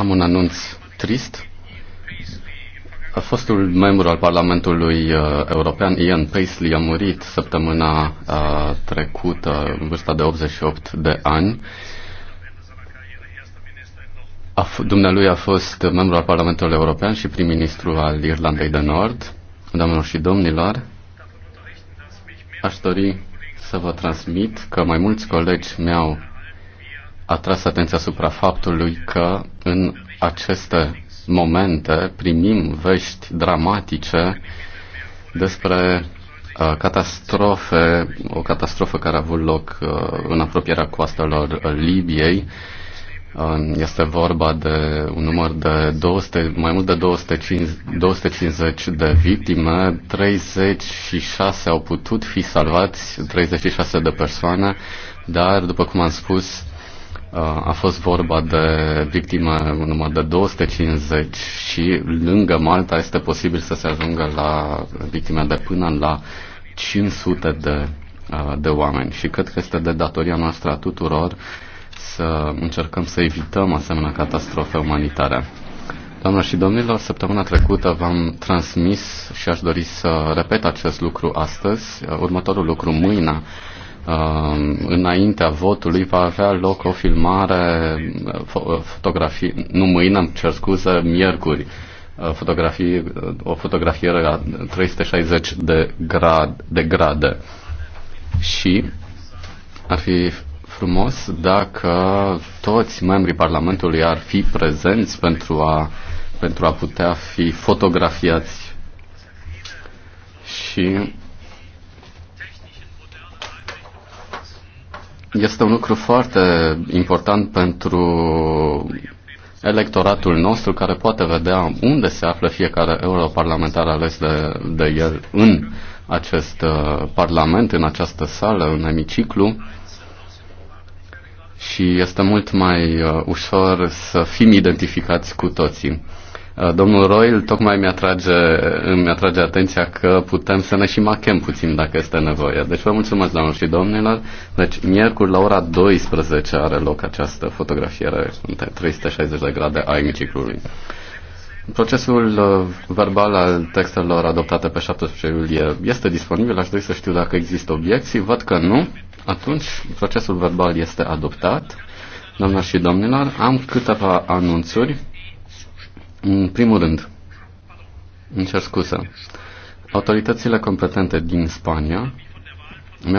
Am un anunț trist. A fostul membru al Parlamentului uh, European, Ian Paisley, a murit săptămâna uh, trecută, în vârsta de 88 de ani. A f- dumnealui a fost membru al Parlamentului European și prim-ministru al Irlandei de Nord. Doamnelor și domnilor, aș dori să vă transmit că mai mulți colegi mi-au atras atenția asupra faptului că în aceste momente primim vești dramatice despre uh, catastrofe, o catastrofă care a avut loc uh, în apropierea coastelor uh, Libiei. Este vorba de un număr de 200, mai mult de 250, 250 de victime, 36 au putut fi salvați, 36 de persoane, dar, după cum am spus, Uh, a fost vorba de victime în număr de 250 și lângă Malta este posibil să se ajungă la victime de până la 500 de, uh, de oameni. Și cred că este de datoria noastră a tuturor să încercăm să evităm asemenea catastrofe umanitare. Doamnelor și domnilor, săptămâna trecută v-am transmis și aș dori să repet acest lucru astăzi. Uh, următorul lucru, mâine, Um, înaintea votului va avea loc o filmare, fotografii, nu mâine, am cer scuze, miercuri, uh, fotografii, uh, o fotografiere la 360 de, grad, de grade. Și ar fi frumos dacă toți membrii Parlamentului ar fi prezenți pentru a, pentru a putea fi fotografiați. Și este un lucru foarte important pentru electoratul nostru care poate vedea unde se află fiecare europarlamentar ales de, de el în acest uh, parlament, în această sală, în emiciclu. și este mult mai uh, ușor să fim identificați cu toții. Uh, domnul Royal tocmai mi-atrage, îmi atrage atenția că putem să ne și machem puțin dacă este nevoie. Deci vă mulțumesc, doamnelor și domnilor. Deci, miercuri la ora 12 are loc această fotografiere în 360 de grade a emiciclului. Procesul uh, verbal al textelor adoptate pe 17 iulie este disponibil. Aș dori să știu dacă există obiecții. Văd că nu. Atunci, procesul verbal este adoptat. Doamnelor și domnilor, am câteva anunțuri. În primul rând, îmi cer scuze, autoritățile competente din Spania